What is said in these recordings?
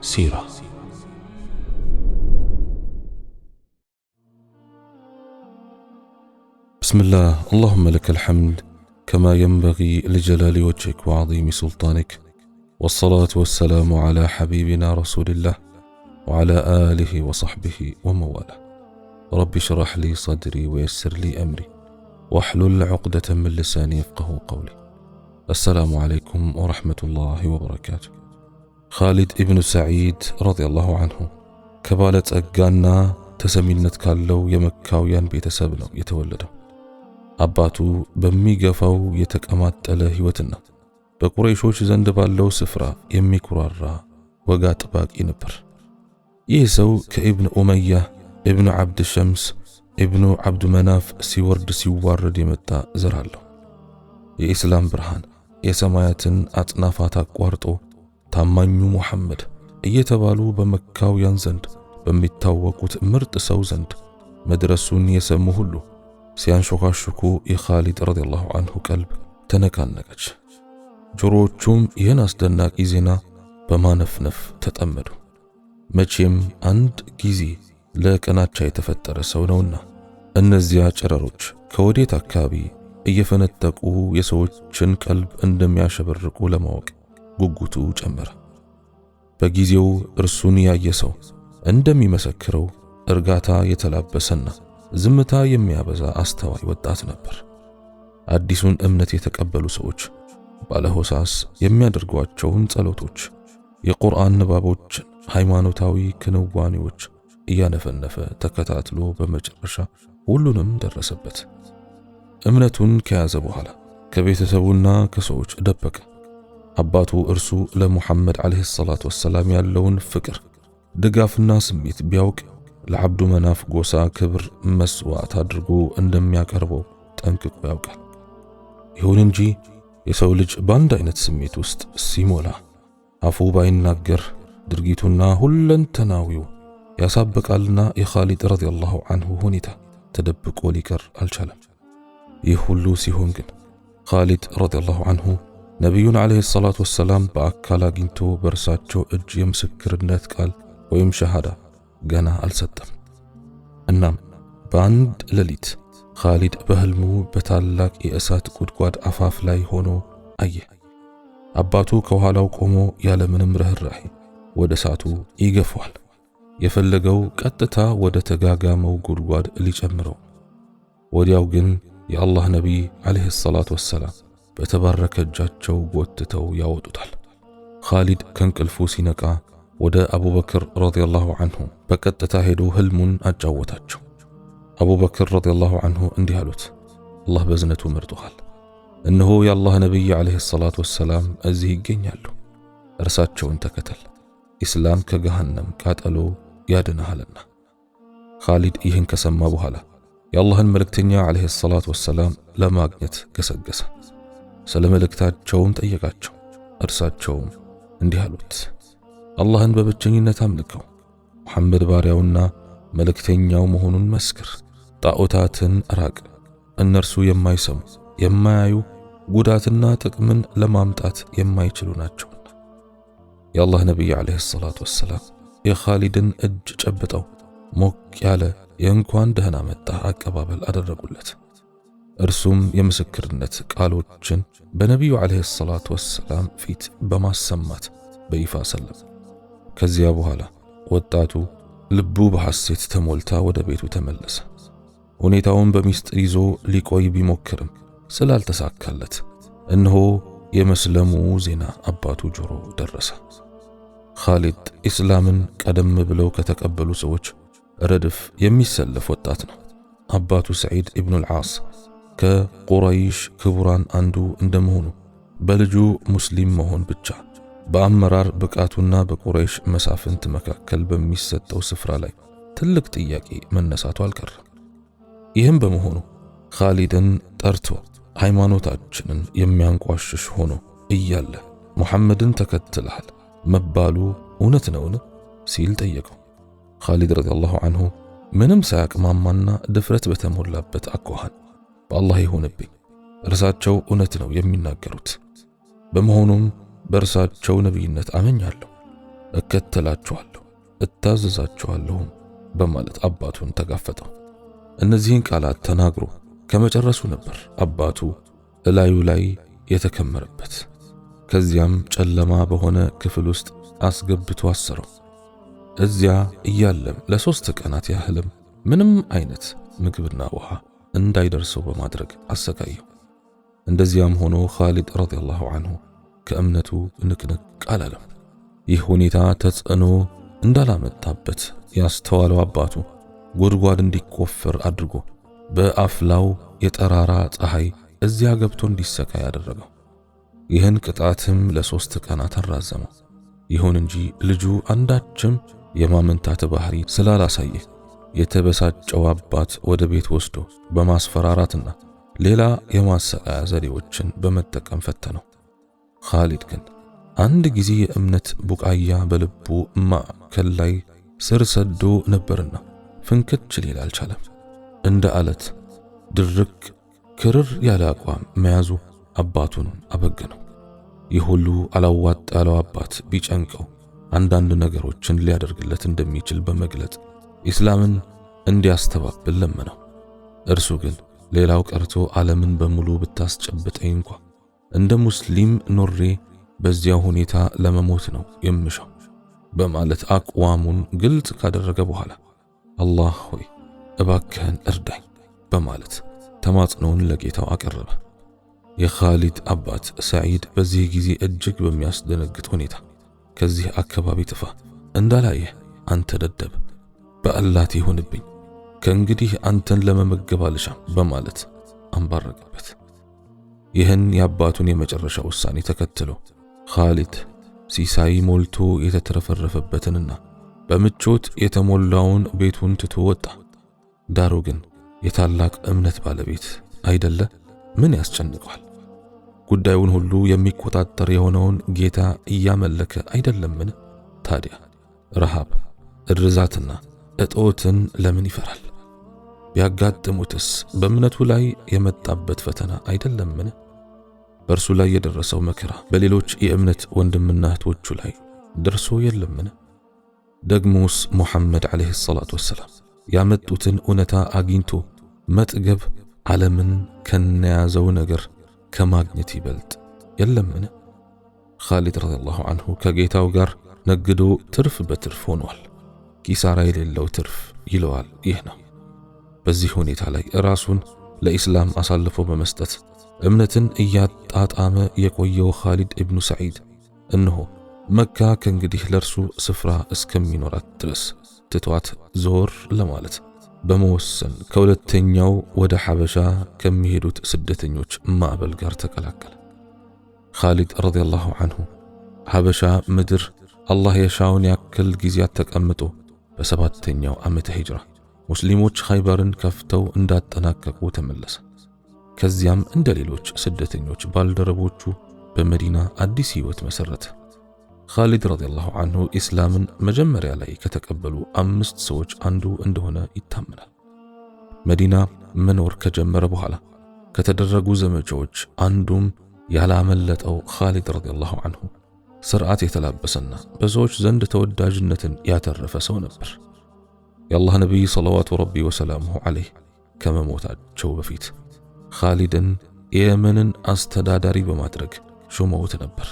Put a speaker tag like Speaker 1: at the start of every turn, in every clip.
Speaker 1: سيرة
Speaker 2: بسم الله اللهم لك الحمد كما ينبغي لجلال وجهك وعظيم سلطانك والصلاة والسلام على حبيبنا رسول الله وعلى آله وصحبه ومواله رب اشرح لي صدري ويسر لي أمري واحلل عقدة من لساني يفقه قولي السلام عليكم ورحمة الله وبركاته ኻሊድ ኢብኑ ሰዒድ ረዲየላሁ አንሁ ከባለ ጸጋና ተሰሚነት ካለው የመካውያን ቤተሰብ ነው የተወለደው። አባቱ በሚገፋው የተቀማጠለ ሕይወትና በቁረይሾች ዘንድ ባለው ስፍራ የሚኩራራ ወጋ ጥባቂ ነበር። ይህ ሰው ከኢብኑ ኡመያ፣ ኢብኑ ዓብድ ሸምስ፣ ኢብኑ ዓብድ መናፍ ሲወርድ ሲዋረድ የመጣ ዘር አለው። የኢስላም ብርሃን የሰማያትን አጽናፋት አቋርጦ ታማኙ ሙሐመድ እየተባሉ በመካውያን ዘንድ በሚታወቁት ምርጥ ሰው ዘንድ መድረሱን የሰሙ ሁሉ ሲያንሾካሽኩ የኻሊድ ረዲየላሁ አንሁ ቀልብ ተነቃነቀች። ጆሮዎቹም ይህን አስደናቂ ዜና በማነፍነፍ ተጠመዱ። መቼም አንድ ጊዜ ለቀናቻ የተፈጠረ ሰው ነውና እነዚያ ጨረሮች ከወዴት አካባቢ እየፈነጠቁ የሰዎችን ቀልብ እንደሚያሸበርቁ ለማወቅ ጉጉቱ ጨመረ። በጊዜው እርሱን ያየ ሰው እንደሚመሰክረው እርጋታ የተላበሰና ዝምታ የሚያበዛ አስተዋይ ወጣት ነበር። አዲሱን እምነት የተቀበሉ ሰዎች ባለሆሳስ የሚያደርጓቸውን ጸሎቶች፣ የቁርአን ንባቦች፣ ሃይማኖታዊ ክንዋኔዎች እያነፈነፈ ተከታትሎ በመጨረሻ ሁሉንም ደረሰበት። እምነቱን ከያዘ በኋላ ከቤተሰቡና ከሰዎች ደበቀ። አባቱ እርሱ ለሙሐመድ ዓለይሂ ሰላቱ ወሰላም ያለውን ፍቅር ድጋፍና ስሜት ቢያውቅ ለዓብዱ መናፍ ጎሳ ክብር መስዋዕት አድርጎ እንደሚያቀርበው ጠንቅቆ ያውቃል። ይሁን እንጂ የሰው ልጅ በአንድ አይነት ስሜት ውስጥ ሲሞላ አፉ ባይናገር ድርጊቱና ሁለንተናዊው ያሳብቃልና የኻሊድ ረዲየላሁ አንሁ ሁኔታ ተደብቆ ሊቀር አልቻለም። ይህ ሁሉ ሲሆን ግን ኻሊድ ረዲየላሁ አንሁ። ነቢዩን ዓለይሂ ሰላቱ ወሰላም በአካል አግኝቶ በእርሳቸው እጅ የምስክርነት ቃል ወይም ሸሃዳ ገና አልሰጠም። እናም በአንድ ሌሊት ኻሊድ በህልሙ በታላቅ የእሳት ጉድጓድ አፋፍ ላይ ሆኖ አየ። አባቱ ከኋላው ቆሞ ያለምንም ርኅራኄ ወደ እሳቱ ይገፈዋል። የፈለገው ቀጥታ ወደ ተጋጋመው ጉድጓድ ሊጨምረው። ወዲያው ግን የአላህ ነቢይ ዓለይሂ ሰላቱ ወሰላም በተባረከ እጃቸው ጎትተው ያወጡታል። ኻሊድ ከእንቅልፉ ሲነቃ ወደ አቡበክር ረዲየላሁ አንሁ በቀጥታ ሄዶ ህልሙን አጫወታቸው። አቡበክር ረዲየላሁ አንሁ እንዲህ አሉት፣ አላህ በዝነቱ መርጦሃል። እነሆ የአላህ ነቢይ ዓለይሂ ሰላቱ ወሰላም እዚህ ይገኛሉ። እርሳቸውን ተከተል፣ ኢስላም ከገሃነም ቃጠሎ ያድንሃልና። ኻሊድ ይህን ከሰማ በኋላ የአላህን መልእክተኛ ዓለይሂ ሰላቱ ወሰላም ለማግኘት ገሰገሰ። ስለ መልእክታቸውም ጠየቃቸው። እርሳቸውም እንዲህ አሉት፣ አላህን በብቸኝነት አምልከው፣ ሙሐመድ ባሪያውና መልእክተኛው መሆኑን መስክር፣ ጣዖታትን ራቅ። እነርሱ የማይሰሙ የማያዩ፣ ጉዳትና ጥቅምን ለማምጣት የማይችሉ ናቸውና። የአላህ ነቢይ ዓለይሂ ሰላቱ ወሰላም የኻሊድን እጅ ጨብጠው ሞቅ ያለ የእንኳን ደህና መጣ አቀባበል አደረጉለት። እርሱም የምስክርነት ቃሎችን በነቢዩ ዓለይሂ ሰላቱ ወሰላም ፊት በማሰማት በይፋ ሰለም። ከዚያ በኋላ ወጣቱ ልቡ በሐሴት ተሞልታ ወደ ቤቱ ተመለሰ። ሁኔታውን በሚስጥር ይዞ ሊቆይ ቢሞክርም ስላልተሳካለት እነሆ የመስለሙ ዜና አባቱ ጆሮ ደረሰ። ኻሊድ ኢስላምን ቀደም ብለው ከተቀበሉ ሰዎች ረድፍ የሚሰለፍ ወጣት ነው። አባቱ ሰዒድ ኢብኑል ዓስ ከቁረይሽ ክቡራን አንዱ እንደመሆኑ በልጁ ሙስሊም መሆን ብቻ በአመራር ብቃቱና በቁረይሽ መሳፍንት መካከል በሚሰጠው ስፍራ ላይ ትልቅ ጥያቄ መነሳቱ አልቀረም። ይህም በመሆኑ ኻሊድን ጠርቶ ሃይማኖታችንን የሚያንቋሽሽ ሆኖ እያለ ሙሐመድን ተከትልሃል መባሉ እውነት ነውን? ሲል ጠየቀው። ኻሊድ ረዲየላሁ አንሁ ምንም ሳያቅማማና ድፍረት በተሞላበት አኳኋን በአላህ የሆነብኝ እርሳቸው እውነት ነው የሚናገሩት። በመሆኑም በእርሳቸው ነቢይነት አመኛለሁ፣ እከተላችኋለሁ፣ እታዘዛችኋለሁም በማለት አባቱን ተጋፈጠው። እነዚህን ቃላት ተናግሮ ከመጨረሱ ነበር አባቱ እላዩ ላይ የተከመረበት። ከዚያም ጨለማ በሆነ ክፍል ውስጥ አስገብቶ አሰረው። እዚያ እያለም ለሶስት ቀናት ያህልም ምንም አይነት ምግብና ውሃ እንዳይደርሰው በማድረግ አሰቃየው። እንደዚያም ሆኖ ኻሊድ ረዲየላሁ አንሁ ከእምነቱ ንቅንቅ አላለም። ይህ ሁኔታ ተጽዕኖ እንዳላመጣበት ያስተዋለው አባቱ ጉድጓድ እንዲቆፈር አድርጎ በአፍላው የጠራራ ፀሐይ እዚያ ገብቶ እንዲሰቃይ አደረገው። ይህን ቅጣትም ለሶስት ቀናት አራዘመው። ይሁን እንጂ ልጁ አንዳችም የማመንታት ባህሪ ስላላሳየ የተበሳጨው አባት ወደ ቤት ወስዶ በማስፈራራትና ሌላ የማሰቃያ ዘዴዎችን በመጠቀም ፈተነው። ኻሊድ ግን አንድ ጊዜ የእምነት ቡቃያ በልቡ ማዕከል ላይ ስር ሰዶ ነበርና ፍንክች ሊል አልቻለም። እንደ አለት ድርቅ ክርር ያለ አቋም መያዙ አባቱን አበገነው። ይህ ሁሉ አላዋጥ ያለው አባት ቢጨንቀው አንዳንድ ነገሮችን ሊያደርግለት እንደሚችል በመግለጽ ኢስላምን እንዲያስተባብል ለመነው። እርሱ ግን ሌላው ቀርቶ ዓለምን በሙሉ ብታስጨብጠኝ እንኳ እንደ ሙስሊም ኖሬ በዚያ ሁኔታ ለመሞት ነው የምሻው በማለት አቋሙን ግልጽ ካደረገ በኋላ አላህ ሆይ እባክህን እርዳኝ በማለት ተማጽኖውን ለጌታው አቀረበ። የኻሊድ አባት ሰዒድ በዚህ ጊዜ እጅግ በሚያስደነግጥ ሁኔታ ከዚህ አካባቢ ጥፋ፣ እንዳላየህ አንተ ደደብ በአላት ይሁንብኝ ከእንግዲህ አንተን ለመመገብ አልሻም በማለት አንባረቀበት። ይህን የአባቱን የመጨረሻ ውሳኔ ተከትሎ ኻሊድ ሲሳይ ሞልቶ የተትረፈረፈበትንና በምቾት የተሞላውን ቤቱን ትቶ ወጣ። ዳሩ ግን የታላቅ እምነት ባለቤት አይደለ? ምን ያስጨንቀዋል? ጉዳዩን ሁሉ የሚቆጣጠር የሆነውን ጌታ እያመለከ አይደለምን? ታዲያ ረሃብ፣ እርዛትና እጦትን ለምን ይፈራል? ቢያጋጥሙትስ በእምነቱ ላይ የመጣበት ፈተና አይደለምን? በእርሱ ላይ የደረሰው መከራ በሌሎች የእምነት ወንድምና እህቶቹ ላይ ደርሶ የለምን? ደግሞስ ሙሐመድ ዓለይሂ ሰላቱ ወሰላም ያመጡትን እውነታ አግኝቶ መጥገብ ዓለምን ከነያዘው ነገር ከማግኘት ይበልጥ የለምን? ኻሊድ ረዲየላሁ አንሁ ከጌታው ጋር ነግዶ ትርፍ በትርፍ ሆኗል። ኪሳራ የሌለው ትርፍ ይለዋል። ይህ ነው። በዚህ ሁኔታ ላይ ራሱን ለኢስላም አሳልፎ በመስጠት እምነትን እያጣጣመ የቆየው ኻሊድ ኢብኑ ሰዒድ እነሆ መካ ከእንግዲህ ለእርሱ ስፍራ እስከሚኖራት ድረስ ትቷት ዞር ለማለት በመወሰን ከሁለተኛው ወደ ሐበሻ ከሚሄዱት ስደተኞች ማዕበል ጋር ተቀላቀለ። ኻሊድ ረዲየላሁ አንሁ ሐበሻ ምድር አላህ የሻውን ያክል ጊዜያት ተቀምጦ በሰባተኛው ዓመተ ሂጅራ ሙስሊሞች ኸይበርን ከፍተው እንዳጠናቀቁ ተመለሰ። ከዚያም እንደ ሌሎች ስደተኞች ባልደረቦቹ በመዲና አዲስ ሕይወት መሰረተ። ኻሊድ ረዲየላሁ አንሁ ኢስላምን መጀመሪያ ላይ ከተቀበሉ አምስት ሰዎች አንዱ እንደሆነ ይታመናል። መዲና መኖር ከጀመረ በኋላ ከተደረጉ ዘመቻዎች አንዱም ያላመለጠው ኻሊድ ረዲየላሁ ዐንሁ ስርዓት የተላበሰና በሰዎች ዘንድ ተወዳጅነትን ያተረፈ ሰው ነበር። የአላህ ነቢይ ሰለዋቱ ረቢ ወሰላሙሁ ዓለይህ ከመሞታቸው በፊት ኻሊድን የየመንን አስተዳዳሪ በማድረግ ሾመውት ነበር።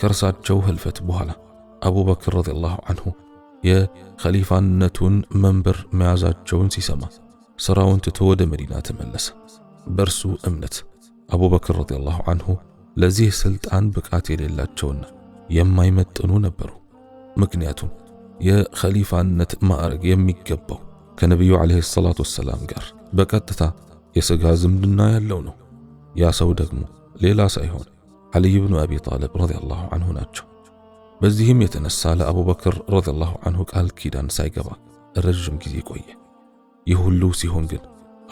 Speaker 2: ከእርሳቸው ህልፈት በኋላ አቡበክር ረዲየላሁ አንሁ የኸሊፋነቱን መንበር መያዛቸውን ሲሰማ ሥራውን ትቶ ወደ መዲና ተመለሰ። በእርሱ እምነት አቡበክር ረዲየላሁ አንሁ ለዚህ ሥልጣን ብቃት የሌላቸውና የማይመጥኑ ነበሩ። ምክንያቱም የኸሊፋነት ማዕረግ የሚገባው ከነቢዩ ዓለይሂ ሰላቱ ወሰላም ጋር በቀጥታ የሥጋ ዝምድና ያለው ነው። ያ ሰው ደግሞ ሌላ ሳይሆን ዓሊይ ብኑ አቢ ጣልብ ረዲየላሁ አንሁ ናቸው። በዚህም የተነሳ ለአቡበክር ረዲየላሁ አንሁ ቃል ኪዳን ሳይገባ ረዥም ጊዜ ቆየ። ይህ ሁሉ ሲሆን ግን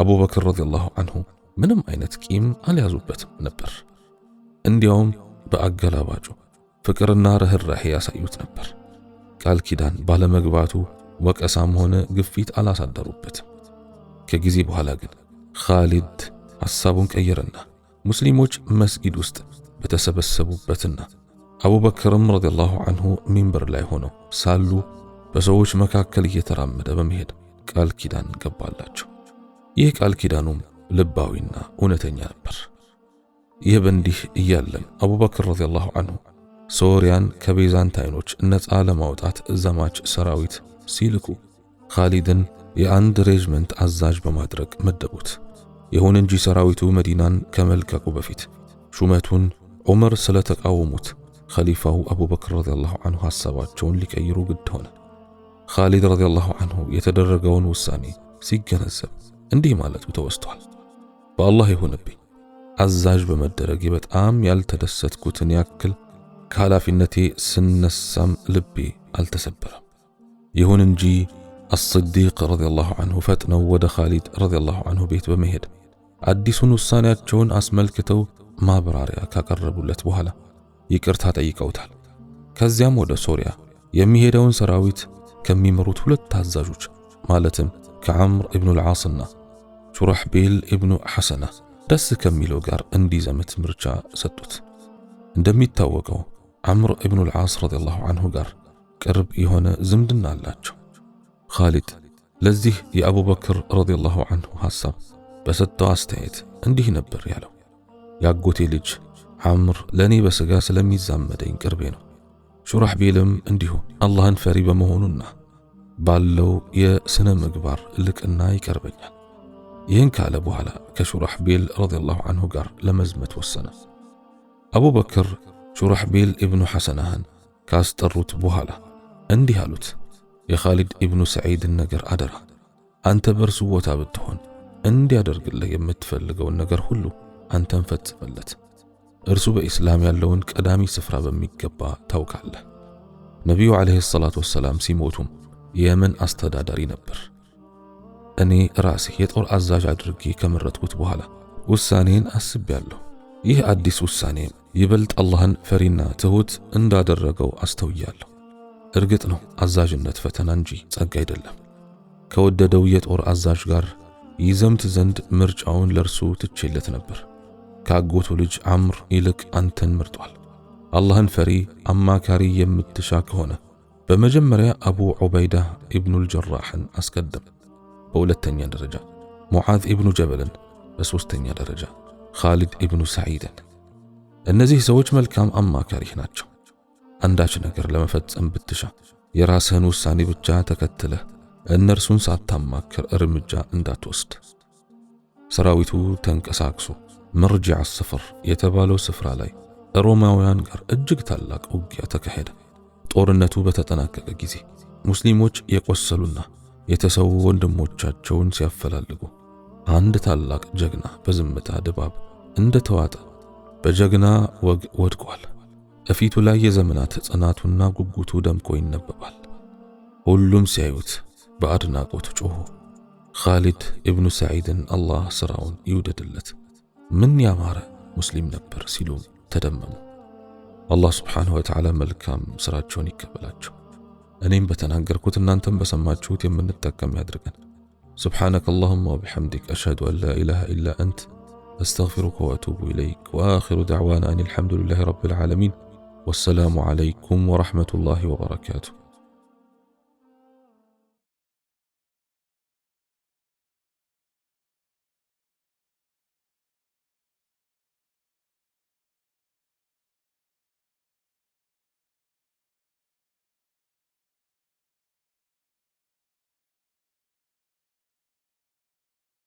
Speaker 2: አቡበክር ረዲየላሁ አንሁ ምንም አይነት ቂም አልያዙበትም ነበር። እንዲያውም በአገላባጩ ፍቅርና ርኅራሄ ያሳዩት ነበር። ቃል ኪዳን ባለመግባቱ ወቀሳም ሆነ ግፊት አላሳደሩበትም። ከጊዜ በኋላ ግን ኻሊድ ሐሳቡን ቀየረና ሙስሊሞች መስጊድ ውስጥ በተሰበሰቡበትና አቡበክርም ረዲየላሁ ዐንሁ ሚንበር ላይ ሆነው ሳሉ በሰዎች መካከል እየተራመደ በመሄድ ቃል ኪዳን ገባላቸው። ይህ ቃል ኪዳኑም ልባዊና እውነተኛ ነበር። ይህ በእንዲህ እያለም አቡበክር ረዲየላሁ ዐንሁ ሶርያን ከቤዛንታይኖች ነፃ ለማውጣት ዘማች ሰራዊት ሲልኩ ኻሊድን የአንድ ሬጅመንት አዛዥ በማድረግ መደቡት። ይሁን እንጂ ሰራዊቱ መዲናን ከመልቀቁ በፊት ሹመቱን ዑመር ስለተቃወሙት ኸሊፋው አቡበክር ረዲያላሁ አንሁ ሐሳባቸውን ሊቀይሩ ግድ ሆነ። ኻሊድ ረዲያላሁ አንሁ የተደረገውን ውሳኔ ሲገነዘብ እንዲህ ማለቱ ተወስቷል። በአላህ ይሁንብኝ አዛዥ በመደረጌ በጣም ያልተደሰትኩትን ያክል ከኃላፊነቴ ስነሳም ልቤ አልተሰበረም። ይሁን እንጂ አስዲቅ ረዲየላሁ አንሁ ፈጥነው ወደ ኻሊድ ረዲየላሁ አንሁ ቤት በመሄድ አዲሱን ውሳኔያቸውን አስመልክተው ማብራሪያ ካቀረቡለት በኋላ ይቅርታ ጠይቀውታል። ከዚያም ወደ ሶሪያ የሚሄደውን ሰራዊት ከሚመሩት ሁለት ታዛዦች ማለትም ከዓምር እብኑ ልዓስና ሹራሕቤል እብኑ ሐሰና ደስ ከሚለው ጋር እንዲዘምት ምርጫ ሰጡት። እንደሚታወቀው አምር ኢብኑል ዓስ ረዲየላሁ አንሁ ጋር ቅርብ የሆነ ዝምድና አላቸው። ኻሊድ ለዚህ የአቡበክር ረዲየላሁ አንሁ ሐሳብ በሰጠው አስተያየት እንዲህ ነበር ያለው፣ ያጎቴ ልጅ አምር ለእኔ በሥጋ ስለሚዛመደኝ ቅርቤ ነው። ቤልም እንዲሁ አላህን ፈሪ በመሆኑና ባለው የሥነ ምግባር ልቅና ይቀርበኛል። ይህን ካለ በኋላ ቤል ረዲየላሁ አንሁ ጋር ለመዝመት ወሰነ። አቡበክር ሹራሕቤል ኢብኑ ሐሰናህን ካስጠሩት በኋላ እንዲህ አሉት፣ የኻሊድ እብኑ ሰዒድን ነገር አደራ። አንተ በእርሱ ቦታ ብትሆን እንዲያደርግልህ የምትፈልገውን ነገር ሁሉ አንተን ፈጽመለት። እርሱ በኢስላም ያለውን ቀዳሚ ስፍራ በሚገባ ታውቃለህ። ነቢዩ ዓለይሂ ሰላቱ ወሰላም ሲሞቱም የየመን አስተዳዳሪ ነበር። እኔ ራሴ የጦር አዛዥ አድርጌ ከመረጥኩት በኋላ ውሳኔን አስቤያለሁ። ይህ አዲስ ውሳኔም ይበልጥ አላህን ፈሪና ትሁት እንዳደረገው አስተውያለሁ። እርግጥ ነው አዛዥነት ፈተና እንጂ ጸጋ አይደለም። ከወደደው የጦር አዛዥ ጋር ይዘምት ዘንድ ምርጫውን ለርሱ ትቼለት ነበር። ከአጎቱ ልጅ አምር ይልቅ አንተን ምርጧል። አላህን ፈሪ አማካሪ የምትሻ ከሆነ በመጀመሪያ አቡ ዑበይዳ ኢብኑል ጀራሕን አስቀድም፣ በሁለተኛ ደረጃ ሙዓዝ ኢብኑ ጀበልን፣ በሦስተኛ ደረጃ ኻሊድ ኢብኑ ሰዒድን እነዚህ ሰዎች መልካም አማካሪህ ናቸው። አንዳች ነገር ለመፈጸም ብትሻ የራስህን ውሳኔ ብቻ ተከትለህ እነርሱን ሳታማክር እርምጃ እንዳትወስድ። ሰራዊቱ ተንቀሳቅሶ መርጂዕ ስፍር የተባለው ስፍራ ላይ ሮማውያን ጋር እጅግ ታላቅ ውጊያ ተካሄደ። ጦርነቱ በተጠናቀቀ ጊዜ ሙስሊሞች የቆሰሉና የተሰዉ ወንድሞቻቸውን ሲያፈላልጉ አንድ ታላቅ ጀግና በዝምታ ድባብ እንደተዋጠ በጀግና ወግ ወድቋል። እፊቱ ላይ የዘመናት ጽናቱና ጉጉቱ ደምቆ ይነበባል። ሁሉም ሲያዩት በአድናቆት ጮኹ። ኻሊድ ኢብኑ ሰዒድን አላህ ሥራውን ይውደድለት፣ ምን ያማረ ሙስሊም ነበር ሲሉም ተደመሙ። አላህ ስብሓንሁ ወተዓላ መልካም ሥራቸውን ይቀበላቸው። እኔም በተናገርኩት እናንተም በሰማችሁት የምንጠቀም ያድርገን። ስብሓነከ አላሁማ ወቢሐምዲክ አሽሀዱ አን ላ ኢላሃ ኢላ አንት أستغفرك وأتوب إليك وآخر دعوانا أن الحمد لله رب العالمين والسلام عليكم ورحمة الله وبركاته